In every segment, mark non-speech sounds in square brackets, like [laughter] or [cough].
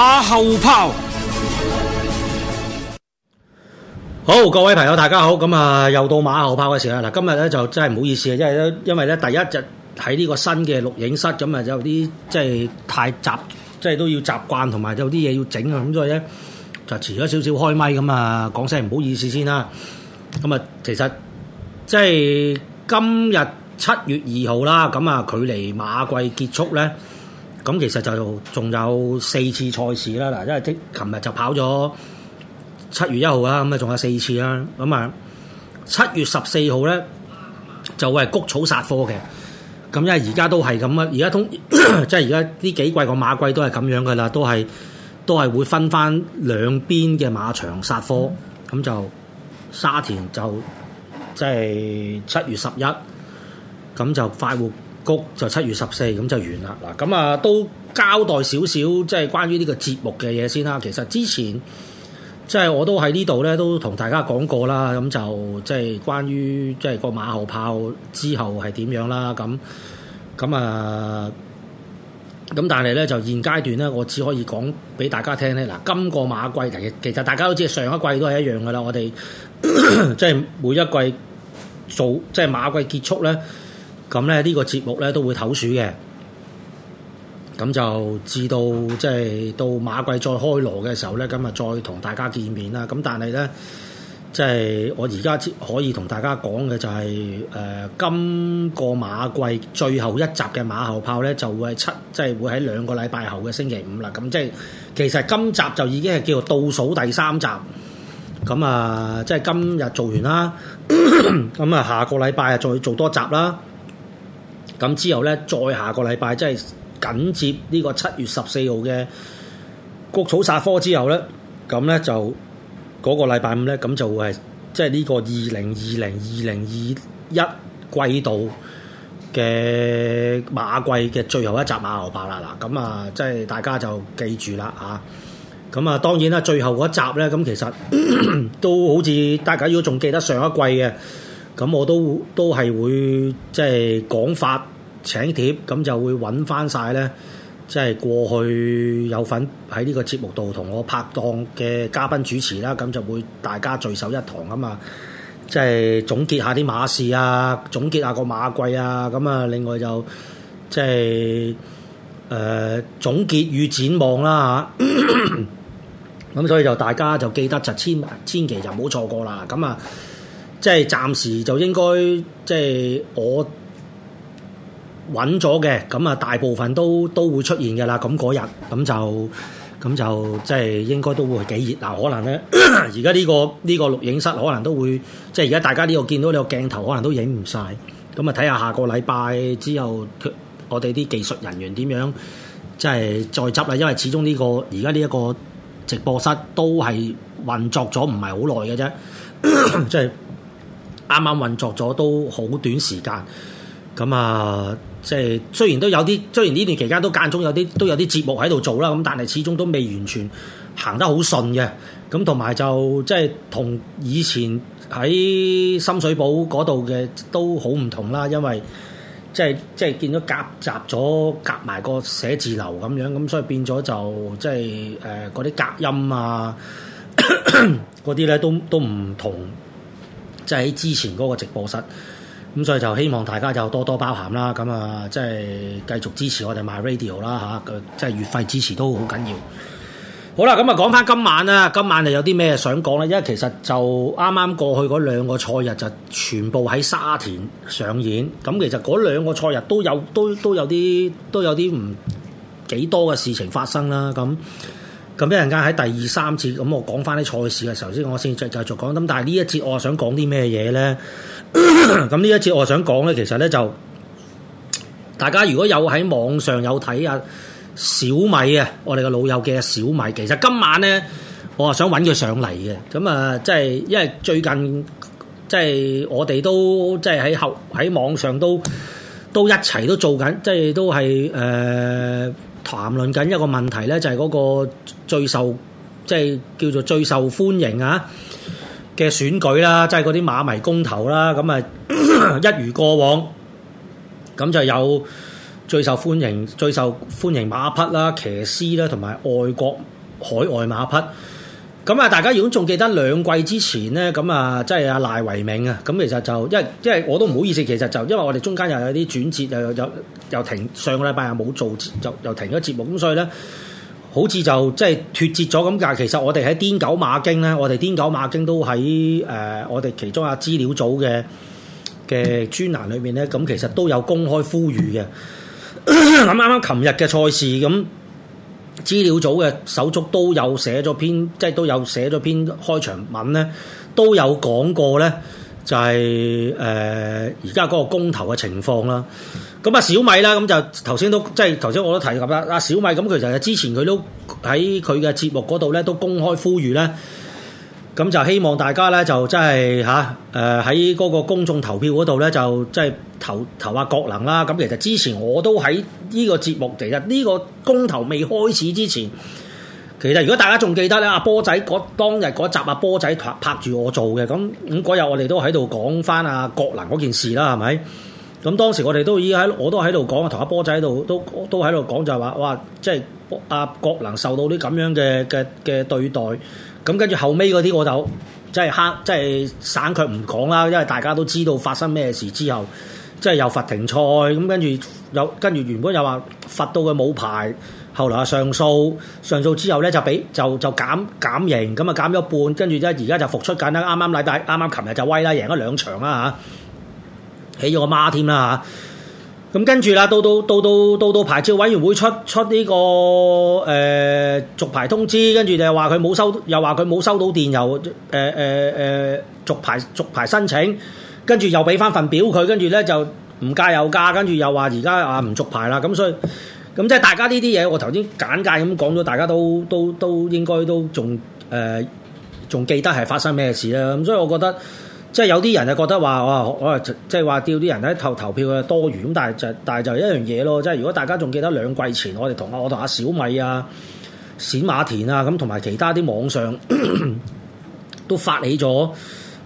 馬後炮，好，各位朋友，大家好，咁啊，又到馬後炮嘅時候。嗱，今日咧就真係唔好意思啊，因為咧，因為咧，第一日喺呢個新嘅錄影室，咁啊有啲即係太習，即係都要習慣，同埋有啲嘢要整啊，咁所以咧就遲咗少少開咪，咁啊，講聲唔好意思先啦。咁啊，其實即係今日七月二號啦，咁啊，距離馬季結束咧。咁其實就仲有四次賽事啦，嗱，因為即琴日就跑咗七月一號啦，咁啊仲有四次啦，咁啊七月十四號咧就會係谷草殺科嘅，咁因為而家都係咁啊，而家通即係而家呢幾季個馬季都係咁樣噶啦，都係都係會分翻兩邊嘅馬場殺科，咁、嗯、就沙田就即係七月十一，咁就快活。谷，就七月十四，咁就完啦，嗱，咁啊都交代少少，即係關於呢個節目嘅嘢先啦。其實之前即係我都喺呢度咧，都同大家講過啦。咁就即係關於即係個馬後炮之後係點樣啦。咁咁啊咁，但係咧就現階段咧，我只可以講俾大家聽咧。嗱，今個馬季其實，其實大家都知，上一季都係一樣噶啦。我哋即係每一季早即係馬季結束咧。咁咧呢個節目咧都會唞暑嘅，咁就至到即係到馬季再開鑼嘅時候咧，咁啊再同大家見面啦。咁但係咧，即係我而家可以同大家講嘅就係誒今個馬季最後一集嘅馬後砲咧，就會係七即係會喺兩個禮拜後嘅星期五啦。咁即係其實今集就已經係叫做倒數第三集，咁啊即係今日做完啦，咁啊下個禮拜啊再做多集啦。咁之後咧，再下個禮拜，即係緊接呢個七月十四號嘅谷草煞科之後咧，咁咧就嗰、嗰個禮拜五咧，咁就係即係呢個二零二零二零二一季度嘅馬季嘅最後一集馬後炮啦！嗱，咁啊，即係大家就記住啦，啊，咁啊，當然啦，最後嗰集咧，咁其實咳咳都好似大家如果仲記得上一季嘅。咁我都都係會即係講法請帖，咁就會揾翻晒呢。即係過去有份喺呢個節目度同我拍檔嘅嘉賓主持啦，咁就會大家聚首一堂啊嘛，即係總結下啲馬事啊，總結下個馬季啊，咁啊，另外就即係誒、呃、總結與展望啦、啊、嚇，咁 [coughs] 所以就大家就記得就千千祈就唔好錯過啦，咁啊～即係暫時就應該，即係我揾咗嘅，咁啊大部分都都會出現嘅啦。咁嗰日，咁就咁就即係應該都會幾熱鬧。嗱，可能咧，而家呢個呢個錄影室可能都會，即係而家大家呢度見到呢個鏡頭可能都影唔晒。咁啊睇下下個禮拜之後，我哋啲技術人員點樣即係再執啦。因為始終呢個而家呢一個直播室都係運作咗唔係好耐嘅啫，即係。 [coughs] 即係啱啱運作咗都好短時間，咁啊，即係雖然都有啲，雖然呢段期間都間中有啲都有啲節目喺度做啦，咁但係始終都未完全行得好順嘅。咁同埋就即係同以前喺深水埗嗰度嘅都好唔同啦，因為即係即係見到夾雜咗夾埋個寫字樓咁樣，咁所以變咗就即係誒嗰啲隔音啊嗰啲咧都都唔同。即喺之前嗰個直播室，咁所以就希望大家就多多包涵啦。咁啊，即係繼續支持我哋 MyRadio 啦吓、啊，即係月費支持都好緊要。好啦，咁啊講翻今晚啦，今晚就有啲咩想講咧？因為其實就啱啱過去嗰兩個賽日就全部喺沙田上演。咁其實嗰兩個賽日都有都都有啲都有啲唔幾多嘅事情發生啦。咁。咁一陣間喺第二三次，咁我講翻啲賽事嘅時候先，我先再繼續講。咁但係呢一節我想講啲咩嘢咧？咁呢 [coughs] 一節我想講咧，其實咧就大家如果有喺網上有睇啊小米啊，我哋嘅老友嘅小米，其實今晚咧我啊想揾佢上嚟嘅。咁啊、就是，即係因為最近即係、就是、我哋都即係喺後喺網上都都一齊都做緊，即、就、係、是、都係誒。呃談論緊一個問題咧，就係、是、嗰個最受即係、就是、叫做最受歡迎啊嘅選舉啦，即係嗰啲馬迷公投啦，咁啊 [coughs] 一如過往，咁就有最受歡迎最受歡迎馬匹啦、騎師啦，同埋外國海外馬匹。咁啊！大家如果仲記得兩季之前呢，咁啊，即係阿賴維銘啊，咁其實就，因為因為我都唔好意思，其實就因為我哋中間又有啲轉折，又又又停，上個禮拜又冇做，又又停咗節目，咁所以呢，好似就即係脫節咗咁。但係其實我哋喺癲狗馬經呢，我哋癲狗馬經都喺誒、呃、我哋其中阿資料組嘅嘅專欄裏面呢。咁其實都有公開呼籲嘅。咁啱啱琴日嘅賽事咁。資料組嘅手足都有寫咗篇，即係都有寫咗篇開場文咧，都有講過咧，就係誒而家嗰個公投嘅情況啦。咁阿小米咧，咁就頭先都即係頭先我都提及啦。阿小米咁，其實之前佢都喺佢嘅節目嗰度咧，都公開呼籲咧。咁就希望大家咧，就真係吓誒喺嗰個公衆投票嗰度咧，就即係投投下，啊、郭能啦。咁其實之前我都喺呢個節目，其實呢個公投未開始之前，其實如果大家仲記得咧，阿、啊、波仔嗰當日嗰集阿、啊、波仔拍拍住我做嘅，咁咁嗰日我哋都喺度講翻阿郭能嗰件事啦，係咪？咁當時我哋都已經喺我都喺度講，同阿、啊、波仔喺度都都喺度講，就係話哇，即係阿郭能受到啲咁樣嘅嘅嘅對待。咁跟住後尾嗰啲我就即係黑即係省佢唔講啦，因為大家都知道發生咩事之後，即係又罰停賽，咁跟住有跟住原本又話罰到佢冇牌，後來又上訴，上訴之後咧就俾就就減減刑，咁啊減咗半，跟住而家而家就復出緊啦，啱啱嚟但啱啱琴日就威啦，贏咗兩場啦嚇，起咗個孖添啦嚇。咁跟住啦，到到到到到到，到牌照委員會出出呢、這個誒、呃、續牌通知，跟住就話佢冇收，又話佢冇收到電郵，又誒誒誒續牌續牌申請，跟住又俾翻份表佢，跟住呢就唔加又加，跟住又話而家啊唔續牌啦，咁所以咁即係大家呢啲嘢，我頭先簡介咁講咗，大家都都都應該都仲誒仲記得係發生咩事啦，咁所以我覺得。即係有啲人就覺得話，哇！我話即係話，叫啲人喺投投票嘅多餘，咁但係就但係就一樣嘢咯。即係如果大家仲記得兩季前，我哋同我同阿小米啊、冼馬田啊，咁同埋其他啲網上咳咳都發起咗，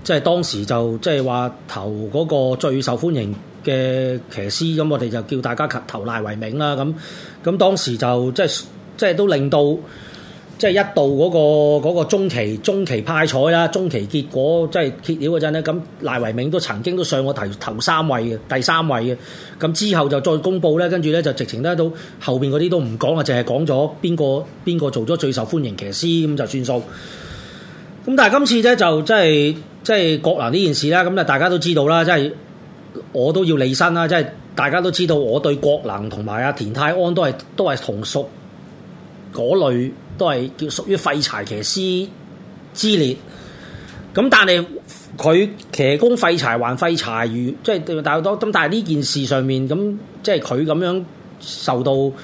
即係當時就即係話投嗰個最受歡迎嘅騎師，咁我哋就叫大家投賴為名啦。咁咁當時就即係即係都令到。即係一到嗰個嗰個中期中期派彩啦，中期結果即係揭曉嗰陣咧，咁賴維銘都曾經都上過頭頭三位嘅，第三位嘅。咁之後就再公布咧，跟住咧就直情咧到後邊嗰啲都唔講啊，淨係講咗邊個邊個做咗最受歡迎騎師咁就算數。咁但係今次咧就即係即係郭能呢件事啦。咁啊大家都知道啦，即係我都要離身啦，即係大家都知道我對郭能同埋阿田泰安都係都係同屬。嗰類都係叫屬於廢柴騎師之列，咁但係佢騎功廢柴還廢柴，與即係但係多咁，但係呢件事上面咁，即係佢咁樣受到誒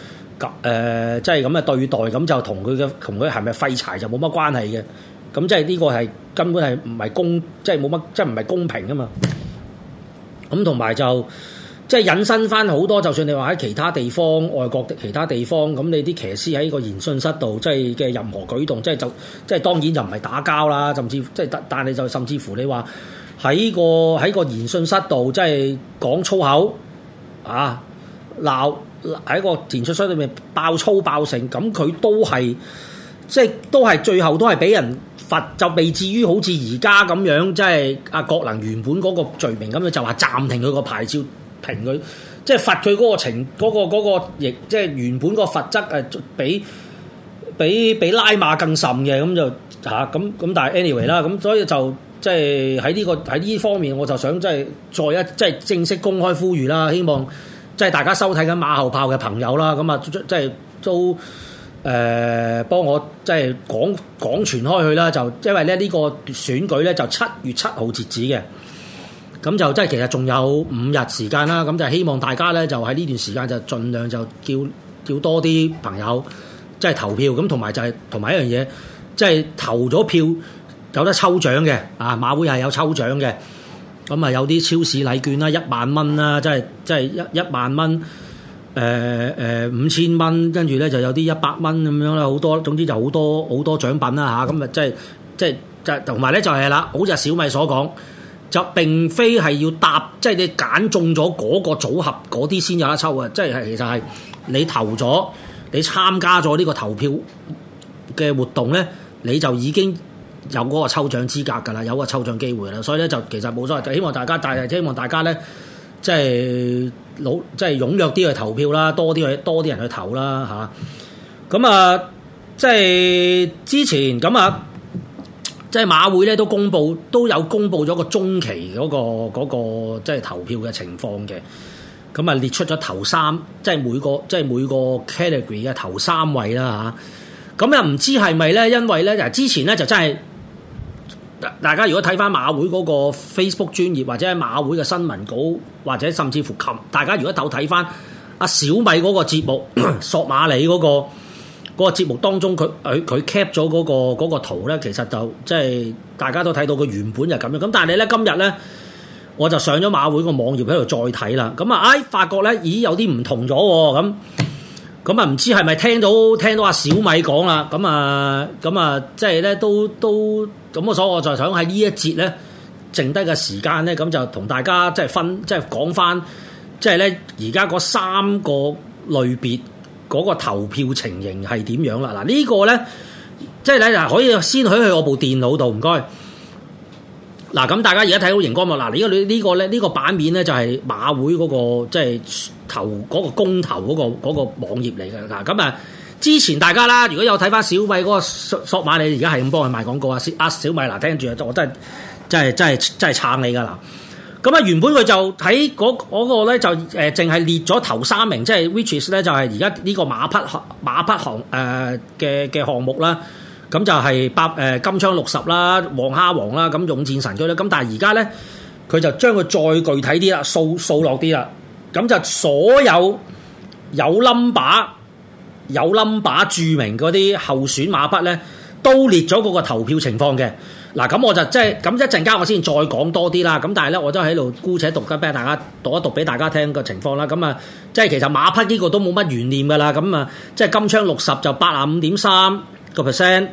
即係咁嘅對待，咁就同佢嘅同佢係咪廢柴就冇乜關係嘅，咁即係呢個係根本係唔係公，即係冇乜即係唔係公平啊嘛，咁同埋就。即係引申翻好多，就算你話喺其他地方、外國的其他地方，咁你啲騎師喺個言訊室度，即係嘅任何舉動，即係就即係當然就唔係打交啦，甚至即係但但係就甚至乎你話喺個喺個言訊室度，即係講粗口啊鬧喺個電訊室裏面爆粗爆成咁，佢都係即係都係最後都係俾人罰，就未至於好似而家咁樣，即係阿、啊、郭能原本嗰個罪名咁樣就話暫停佢個牌照。平佢，即係罰佢嗰個情，嗰、嗰個嗰、嗰個亦、嗰個、即係原本個罰則誒，比比比拉馬更甚嘅，咁就吓，咁、啊、咁。但係 anyway 啦，咁所以就即係喺呢個喺呢方面，我就想即係再一即係正式公開呼籲啦，希望即係大家收睇緊馬後炮嘅朋友啦，咁啊即係都誒、呃、幫我即係講講傳開去啦。就因為咧呢、呢個選舉咧就七月七號截止嘅。咁就即係其實仲有五日時間啦，咁就希望大家咧就喺呢段時間就儘量就叫叫多啲朋友即係投票，咁同埋就係同埋一樣嘢，即係投咗票有得抽獎嘅啊！馬會係有抽獎嘅，咁啊有啲超市禮券啦，一萬蚊啦，即係即係一一萬蚊，誒誒五千蚊，跟住咧就有啲一百蚊咁樣啦，好多總之就好多好多獎品啦吓，咁啊即係即係就同埋咧就係啦，好似小米所講。就並非係要搭，即係你揀中咗嗰個組合嗰啲先有得抽嘅，即係係其實係你投咗，你參加咗呢個投票嘅活動咧，你就已經有嗰個抽獎資格㗎啦，有個抽獎機會啦。所以咧就其實冇所謂，就希望大家，但係即係希望大家咧，即係老即係踴躍啲去投票啦，多啲去多啲人去投啦嚇。咁啊，啊，即係之前咁啊。嗯即係馬會咧都公布，都有公布咗個中期嗰、嗰個、嗰個、即係投票嘅情況嘅，咁啊列出咗頭三，即係每個即係每個 category 嘅頭三位啦嚇。咁、啊、又唔知係咪咧？因為咧嗱，之前咧就真係，大家如果睇翻馬會嗰個 Facebook 專頁或者馬會嘅新聞稿，或者甚至乎琴，大家如果有睇翻阿小米嗰個節目《 [coughs] 索馬里、那》嗰個。個節目當中，佢佢佢 cap 咗嗰個嗰個圖咧，其實就即係大家都睇到佢原本就咁樣。咁但係你咧今日咧，我就上咗馬會個網頁喺度再睇啦。咁啊，唉，哎，發覺咧，咦，有啲唔同咗喎。咁咁啊，唔知係咪聽到聽到阿小米講啦？咁啊，咁啊，即係咧都都咁，我所以我就想喺呢一節咧，剩低嘅時間咧，咁就同大家即係分即係講翻，即係咧而家嗰三個類別。嗰個投票情形係點樣啦？嗱，呢個咧，即係咧，可以先許去我部電腦度，唔該。嗱，咁大家而家睇到熒光幕，嗱，而家你呢個咧，呢個版面咧就係馬會嗰個即係投嗰個公投嗰個嗰個網頁嚟嘅。嗱，咁啊，之前大家啦，如果有睇翻小米嗰個索索馬，你而家係咁幫佢賣廣告啊？先啊，小米，嗱，聽住啊，我真係真係真係真係撐你㗎喇。咁啊，原本佢就喺嗰、那個咧、嗰個，就誒淨係列咗頭三名，即係 whiches 咧，就係而家呢個馬匹馬匹行誒嘅嘅項目啦。咁、嗯、就係八誒金槍六十啦、黃蝦王啦、咁勇戰神嗰啲。咁但係而家咧，佢就將佢再具體啲啦、數數落啲啦。咁就所有有 number 有 number 著名嗰啲候選馬匹咧，都列咗嗰個投票情況嘅。嗱咁我就即係咁一陣間我先再講多啲啦，咁但係咧我都喺度姑且讀緊俾大家讀一讀俾大家聽個情況啦，咁啊即係其實馬匹呢個都冇乜懸念噶啦，咁啊即係金槍六十就八啊五點三個 percent，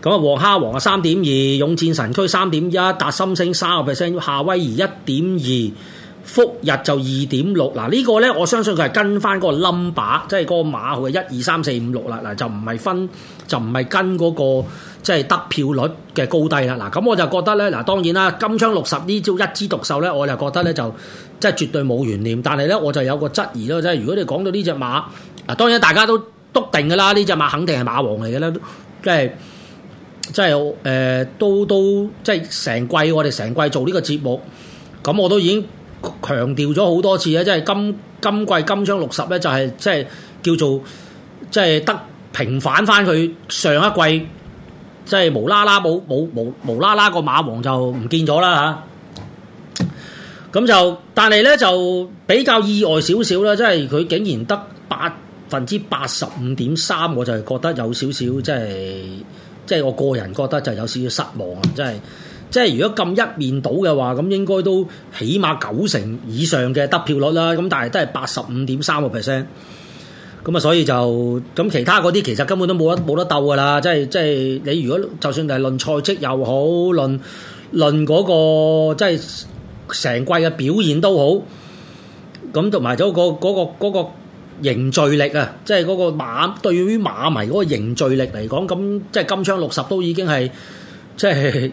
咁啊黃蝦王啊三點二，勇戰神區三點一，達心星三個 percent，夏威夷一點二。復日就二點六嗱，呢個咧，我相信佢係跟翻嗰個 number，即係嗰個馬號係一二三四五六啦嗱，就唔係分就唔係跟嗰、嗰個即係得票率嘅高低啦嗱。咁我就覺得咧嗱，當然啦，金槍六十呢招一枝獨秀咧，我就覺得咧就即係絕對冇懸念，但係咧我就有個質疑咯，即係如果你講到呢隻馬嗱，當然大家都篤定噶啦，呢隻馬肯定係馬王嚟嘅啦，即係即係誒、呃，都都即係成季我哋成季做呢個節目，咁我都已經。強調咗好多次咧，即係今今季金鎗六十咧，就係即係叫做即係、就是、得平反翻佢上一季，即、就、係、是、無啦啦冇冇冇無啦啦個馬王就唔見咗啦吓，咁、啊、就但係咧就比較意外少少啦，即係佢竟然得百分之八十五點三，我就係覺得有少少即係即係我個人覺得就有少少失望啊，即、就、係、是。即係如果咁一面倒嘅話，咁應該都起碼九成以上嘅得票率啦。咁但係都係八十五點三個 percent。咁啊，所以就咁其他嗰啲其實根本都冇得冇得鬥噶啦。即係即係你如果就算係論賽績又好，論論嗰個即係成季嘅表現都好，咁同埋咗個嗰個嗰個嗰個凝聚力啊，即係嗰個馬對於馬迷嗰個凝聚力嚟講，咁即係金槍六十都已經係即係。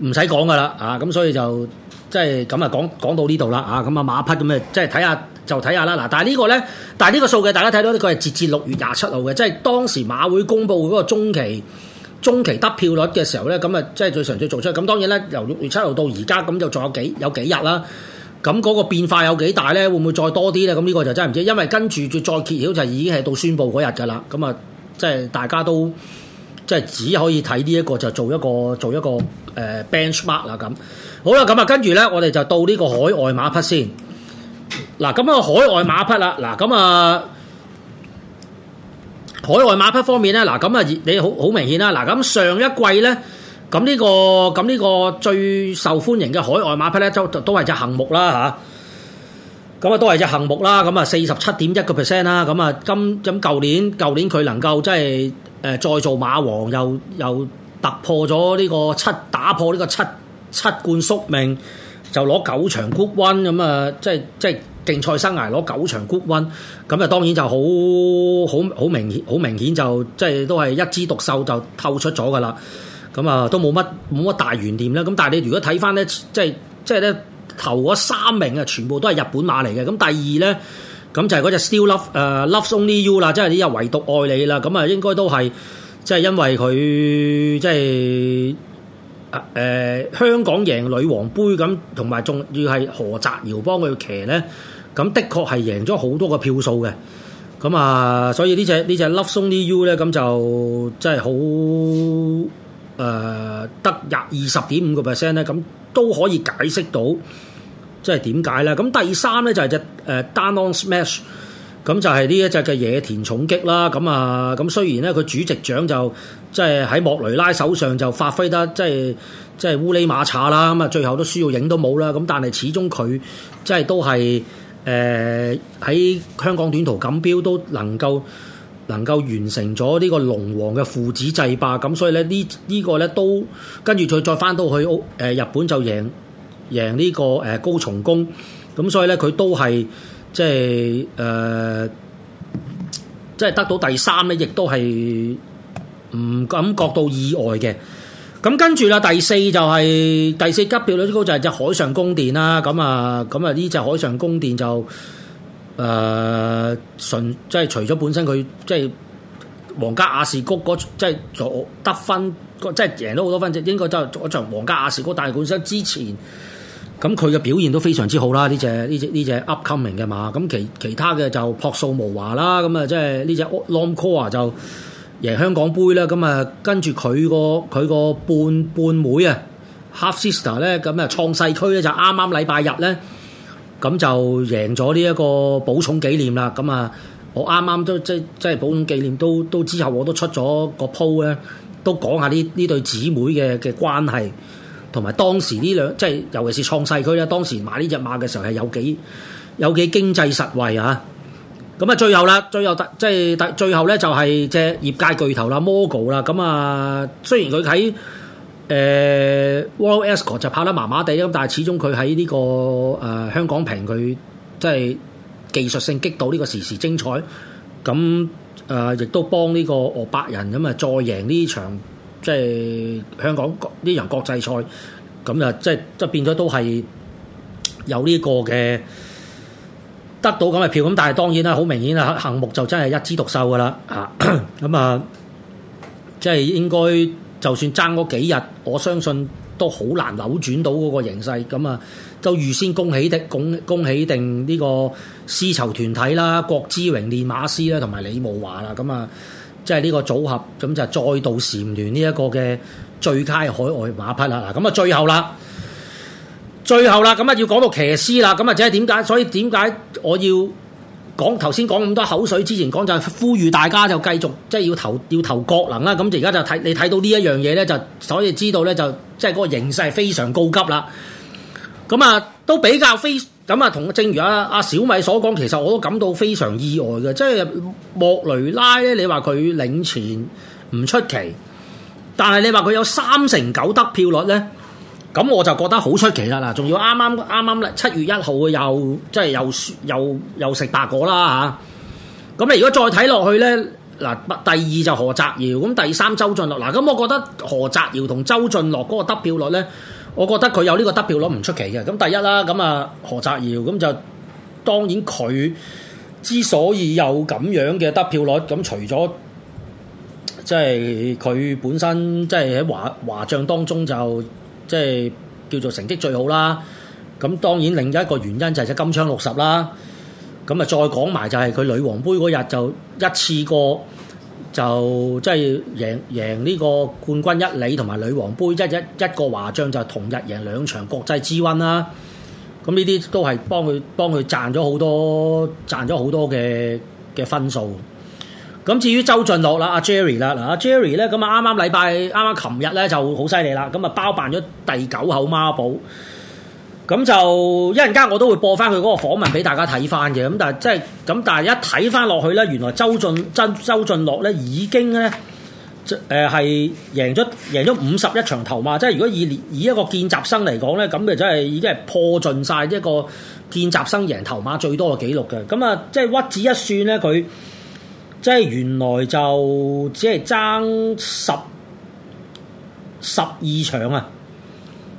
唔使講噶啦，啊咁所以就即係咁啊，講講到呢度啦，啊咁啊馬匹咁啊，即係睇下就睇下啦。嗱，但係呢個咧，但係呢個數據，大家睇到咧，佢係截至六月廿七號嘅，即係當時馬會公佈嗰個中期中期得票率嘅時候咧，咁啊，即係最常最做出。咁當然咧，由六月七號到而家咁就仲有幾有幾日啦。咁嗰個變化有幾大咧？會唔會再多啲咧？咁呢個就真係唔知，因為跟住再揭曉就已經係到宣佈嗰日㗎啦。咁啊，即係大家都即係只可以睇呢一個，就做一個做一個。誒，benchmark 啦咁，好啦，咁啊，跟住咧，我哋就到呢個海外馬匹先。嗱，咁啊，海外馬匹啦，嗱，咁啊，海外馬匹方面咧，嗱，咁啊，你好好明顯啦，嗱，咁上一季咧，咁呢個咁呢個最受歡迎嘅海外馬匹咧，就都係隻恒木啦吓。咁啊，都係隻恒木啦，咁啊，四十七點一個 percent 啦，咁啊，今咁舊年舊年佢能夠即係誒再做馬王又又。突破咗呢個七，打破呢個七七冠宿命，就攞九場 Group One 咁啊，即係即係競賽生涯攞九場 Group One 咁啊，當然就好好好明顯，好明顯就即係都係一枝獨秀就透出咗噶啦。咁啊都冇乜冇乜大懸念啦。咁但係你如果睇翻咧，即係即係咧頭嗰三名啊，全部都係日本馬嚟嘅。咁第二咧，咁就係嗰隻 Still Love 誒 Loves Only You 啦，即係你又唯獨愛你啦。咁啊應該都係。即係因為佢即係誒、呃、香港贏女王杯咁，同埋仲要係何澤堯幫佢騎咧，咁的確係贏咗好多個票數嘅。咁啊、呃，所以隻隻 you,、呃、隻呢隻呢隻 Loves Only You 咧，咁就即係好誒得廿二十點五個 percent 咧，咁都可以解釋到即係點解咧？咁第三咧就係、是、隻誒、呃、Danon Smash。咁就係呢一隻嘅野田重擊啦，咁啊，咁雖然咧佢主席長就即係喺莫雷拉手上就發揮得即係即係烏哩馬查啦，咁啊最後都輸到影都冇啦，咁但係始終佢即係都係誒喺香港短途錦標都能夠能夠完成咗呢個龍王嘅父子制霸，咁所以咧呢、呢個、呢個咧都跟住佢再翻到去屋誒、呃、日本就贏贏呢、呢個誒、呃、高松宮，咁所以咧佢都係。即係誒、呃，即係得到第三咧，亦都係唔感覺到意外嘅。咁、嗯、跟住啦，第四就係、是、第四急跌率之高就係隻海上宮殿啦。咁、嗯、啊，咁啊呢隻海上宮殿就誒、呃，純即係除咗本身佢即係皇家雅士谷嗰即係做得分，即係贏咗好多分，即係應該就係嗰場皇家雅士谷，但係本身之前。咁佢嘅表現都非常之好啦，呢隻呢隻呢隻 Upcoming 嘅馬，咁其其他嘅就朴素無華啦。咁啊，即係呢隻 Normcore 就贏香港杯啦。咁啊，跟住佢個佢個半半妹啊，Half Sister 咧，咁啊，創世區咧就啱啱禮拜日咧，咁就贏咗呢一個寶塚紀念啦。咁啊，我啱啱都即即係寶塚紀念都都之後我都出咗個 po 咧，都講下呢呢對姊妹嘅嘅關係。同埋當時呢兩，即係尤其是創世區啊！當時買呢隻馬嘅時候係有幾有幾經濟實惠啊！咁啊，最後啦，最後得即係第最後咧，就係隻業界巨頭啦 Mogul 啦。咁啊，雖然佢喺誒、呃、World Escort 就拍得麻麻地咁，但係始終佢喺呢個誒、呃、香港平佢即係技術性激到呢個時時精彩。咁誒亦都幫呢個俄白人咁啊再贏呢場。即係香港呢場國際賽，咁啊，即係即係變咗都係有呢個嘅得到咁嘅票，咁但係當然啦，好明顯啊，項目就真係一枝獨秀噶啦，嚇咁啊，即係應該就算爭嗰幾日，我相信都好難扭轉到嗰個形勢，咁啊，就預先恭喜的，恭喜恭喜定呢個絲綢團體啦，郭之榮、練馬師啦，同埋李慕華啦，咁啊。即係呢個組合，咁就再度蟬聯呢一個嘅最佳海外馬匹啦。嗱，咁啊，最後啦，最後啦，咁啊，要講到騎師啦，咁啊，即係點解？所以點解我要講頭先講咁多口水？之前講就係、是、呼籲大家就繼續，即、就、係、是、要投要投郭能啦。咁而家就睇你睇到呢一樣嘢咧，就所以知道咧，就即係嗰個形勢係非常高級啦。咁啊，都比較非。咁啊，同正如阿阿小米所講，其實我都感到非常意外嘅，即係莫雷拉咧，你話佢領前唔出奇，但係你話佢有三成九得票率呢，咁我就覺得好出奇啦，嗱，仲要啱啱啱啱咧七月一號又即係又又又食白果啦嚇，咁、啊、你如果再睇落去呢，嗱，第二就何澤堯，咁第三周俊樂嗱，咁我覺得何澤堯同周俊樂嗰個得票率呢。我覺得佢有呢個得票率唔出奇嘅，咁第一啦，咁啊，何澤堯，咁就當然佢之所以有咁樣嘅得票率，咁除咗即係佢本身即係喺華華將當中就即係叫做成績最好啦，咁當然另一個原因就係隻金槍六十啦，咁啊再講埋就係佢女王杯嗰日就一次過。就即係贏贏呢個冠軍一哩同埋女王杯一一一個華將就同日贏兩場國際之溫啦，咁呢啲都係幫佢幫佢賺咗好多賺咗好多嘅嘅分數。咁至於周俊樂啦阿、啊、Jerry 啦、啊、阿、啊、Jerry 咧咁啊啱啱禮拜啱啱琴日咧就好犀利啦，咁啊包辦咗第九口孖寶。咁就一陣間我都會播翻佢嗰個訪問俾大家睇翻嘅，咁但係即係咁，但係一睇翻落去咧，原來周俊周周俊樂咧已經咧誒係贏咗贏咗五十一場頭馬，即係如果以以一個見習生嚟講咧，咁嘅真係已經係破盡晒一個見習生贏頭馬最多嘅紀錄嘅。咁啊，即係屈指一算咧，佢即係原來就只係爭十十二場啊！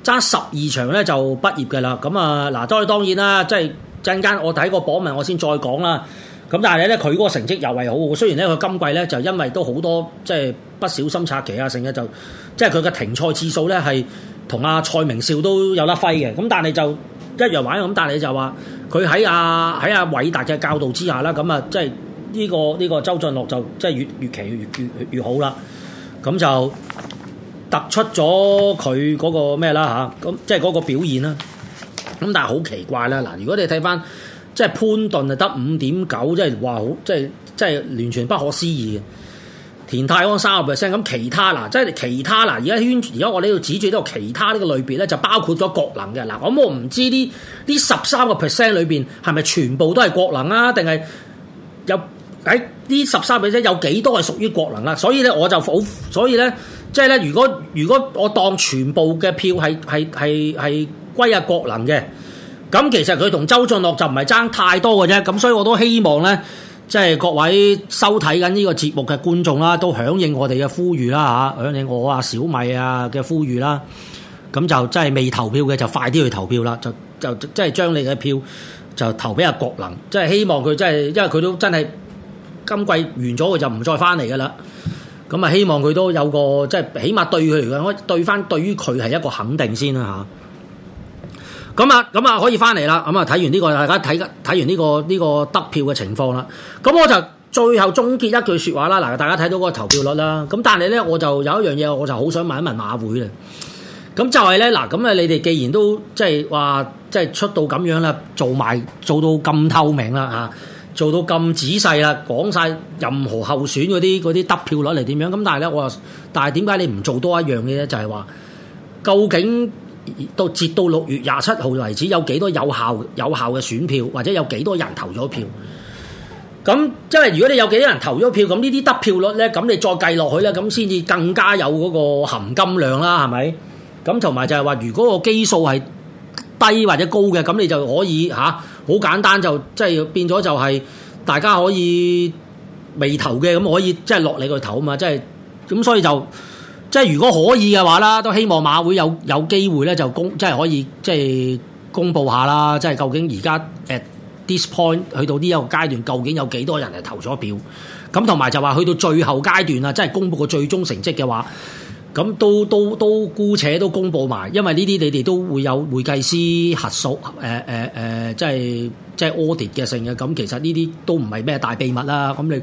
揸十二場咧就畢業嘅啦，咁啊嗱，當然當然啦，即係陣間我睇個榜文我先再講啦。咁但係咧佢嗰個成績又係好喎，雖然咧佢今季咧就因為都好多即係不小心拆旗啊，成日就即係佢嘅停賽次數咧係同阿蔡明紹都有得揮嘅，咁但係就一樣玩咁，但係就話佢喺阿喺阿韋達嘅教導之下啦，咁啊即係呢個呢個周俊樂就即係越越騎越越越，越好啦，咁就。突出咗佢嗰個咩啦嚇？咁、啊、即係嗰個表現啦。咁但係好奇怪啦！嗱，如果你睇翻即係潘頓啊，得五點九，即係話好，即係即係完全不可思議嘅。田泰安三個 percent 咁，其他嗱，即係其他嗱，而家圈而家我呢度指住呢個其他呢個類別咧，就包括咗郭能嘅嗱。咁我唔知呢啲十三個 percent 裏邊係咪全部都係郭能啊？定係有喺啲十三 percent 有幾多係屬於郭能啦、啊？所以咧，我就否，所以咧。即係咧，如果如果我當全部嘅票係係係係歸阿郭能嘅，咁其實佢同周俊樂就唔係爭太多嘅啫。咁所以我都希望咧，即係各位收睇緊呢個節目嘅觀眾啦，都響應我哋嘅呼籲啦吓，響、啊、應我啊小米啊嘅呼籲啦。咁、啊、就真係未投票嘅就快啲去投票啦，就就，就，就即係將你嘅票就投俾阿郭能，即係希望佢真係，因為佢都真係今季完咗，佢就唔再翻嚟噶啦。咁啊，希望佢都有個即係，起碼對佢嚟講，對翻對於佢係一個肯定先啦吓，咁啊，咁啊，啊可以翻嚟啦。咁啊，睇完呢、這個，大家睇睇完呢、這個呢、這個得票嘅情況啦。咁、啊、我就最後總結一句說話啦。嗱，大家睇到嗰個投票率啦。咁、啊、但係咧，我就有一樣嘢，我就好想問一問馬會啊。咁就係、是、咧，嗱、啊，咁啊，你哋既然都即係話，即係出到咁樣啦，做埋做到咁透明啦啊！做到咁仔細啦，講晒任何候選嗰啲啲得票率嚟點樣？咁但係咧，我但係點解你唔做多一樣嘅咧？就係話，究竟到截到六月廿七號為止，有幾多有效有效嘅選票，或者有幾多人投咗票？咁，即係如果你有幾多人投咗票，咁呢啲得票率咧，咁你再計落去咧，咁先至更加有嗰個含金量啦，係咪？咁同埋就係話，如果個基數係低或者高嘅，咁你就可以嚇。啊。好簡單就即係變咗就係大家可以未投嘅，咁可以即係落你個頭啊嘛，即係咁所以就即係如果可以嘅話啦，都希望馬會有有機會咧就公即係可以即係公佈下啦，即係究竟而家 at this point 去到呢一個階段，究竟有幾多人係投咗票？咁同埋就話去到最後階段啊，即係公佈個最終成績嘅話。咁都都都姑且都公布埋，因為呢啲你哋都會有會計師核數，誒誒誒，即係即係 audit 嘅性嘅。咁其實呢啲都唔係咩大秘密啦。咁你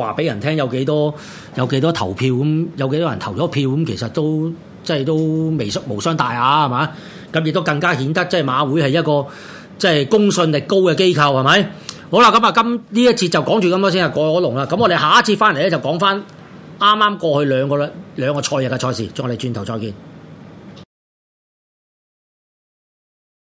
話俾人聽有幾多，有幾多，有多投票咁，有幾多人投咗票咁，其實都即係都微傷無傷大雅係嘛？咁亦都更加顯得即係馬會係一個即係公信力高嘅機構係咪？好啦，咁啊今呢一節就講住咁多先啊，過咗龍啦。咁我哋下一節翻嚟咧就講翻。啱啱過去兩個兩兩個賽日嘅賽事，再我哋轉頭再見。